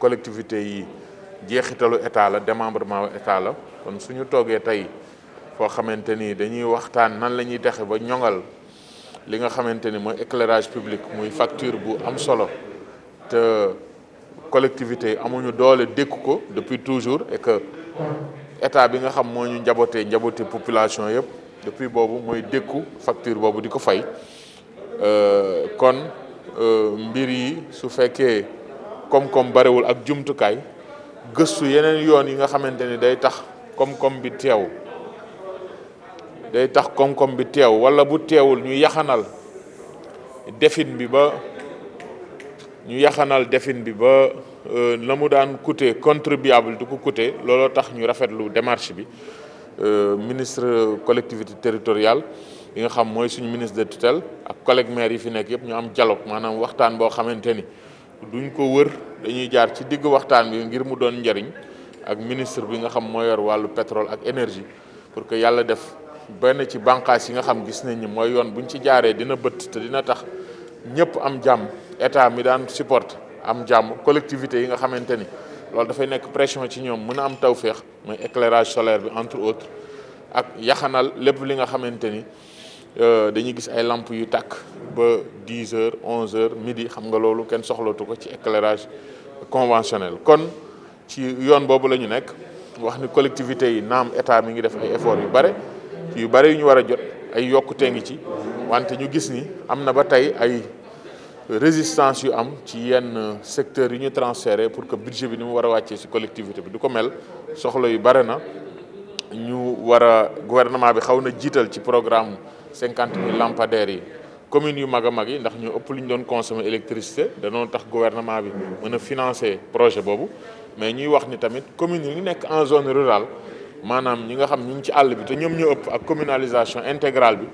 collectivité yi jeexitalu état la démembrement état la kon suñu toogee tey foo xamante ni dañuy waxtaan nan la ñuy dexe ba ñoŋal li nga xamante ni mooy éclairage public muy facture bu am solo te collectivité yi amuñu doole dékku ko depuis toujours et que état bi nga xam moo ñu njabootee njaboote population yëpp depuis boobu mooy dékku facture boobu di ko fay euh, kon euh, mbir yi su fekkee koom-koom barewul ak jumtukaay gëstu yeneen yoon yi nga xamante ni day tax koom-koom bi teew day tax koom-koom bi teew wala bu teewul ñu yaxanal defin bi ba ñu yaxanal defin bi ba euh, la mu daan coûter contribuable du ko coûter looloo tax ñu rafetlu démarche bi euh, ministre collectivité territoriale yi nga xam mooy suñu ministre de tutel ak collègue maire yi fi nekk yëpp ñu am dialogue maanaam waxtaan boo xamante ni duñ ko wër dañuy jaar ci digg waxtaan bi ngir mu doon njariñ ak ministre bi nga xam moo yor wàllu pétrole ak énergie pour que yàlla def benn ci bànqaas yi nga xam gis nañ ni mooy yoon bu ñu ci jaaree dina bëtt te dina tax ñëpp am jàmm état mi daan support am jàmm collectivité yi nga xamante ni loolu dafay nekk pression ci ñoom mun a am tawféex mooy éclairage solaire bi entre autres ak yaxanal lépp li nga xamante ni Euh, dañuy gis ay làmp yu tàkk ba dix heures onze heures midi xam nga loolu kenn soxlatu ko ci éclairage conventionnel kon ci yoon boobu la ñu nekk wax ni collectivité yi naam état mi ngi def ay effort yu bare yu bare yu ñu war a jot ay yokkute ngi ci wante ñu gis ni am na ba tey ay résistance yu am ci yenn secteurs yu ñu transféré pour que budget bi ni mu war a wàccee ci collectivité bi du ko mel soxla yu bare na ñu war a gouvernement bi xaw na jiital ci programme cinquante mille lampadaires yi communes yu mag a mag yi ndax ñu ëpp lu ñu doon consommer électricité danoo tax gouvernement bi mën a financer projet boobu mais ñuy wax ni tamit communes yi nekk en zone rurale manam ñi nga xam ñu ci all bi te ñom ñu ëpp ak communalisation intégrale bi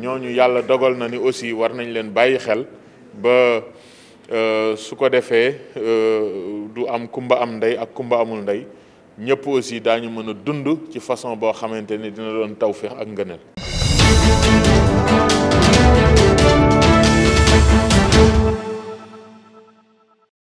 ñoñu yalla dogal na ni aussi war nañ leen bayyi xel ba euh su ko euh du am kumba am ndey ak kumba amul ndey ñëpp aussi dañu mëna dund ci façon bo xamante dina doon tawfiq ak ngëneel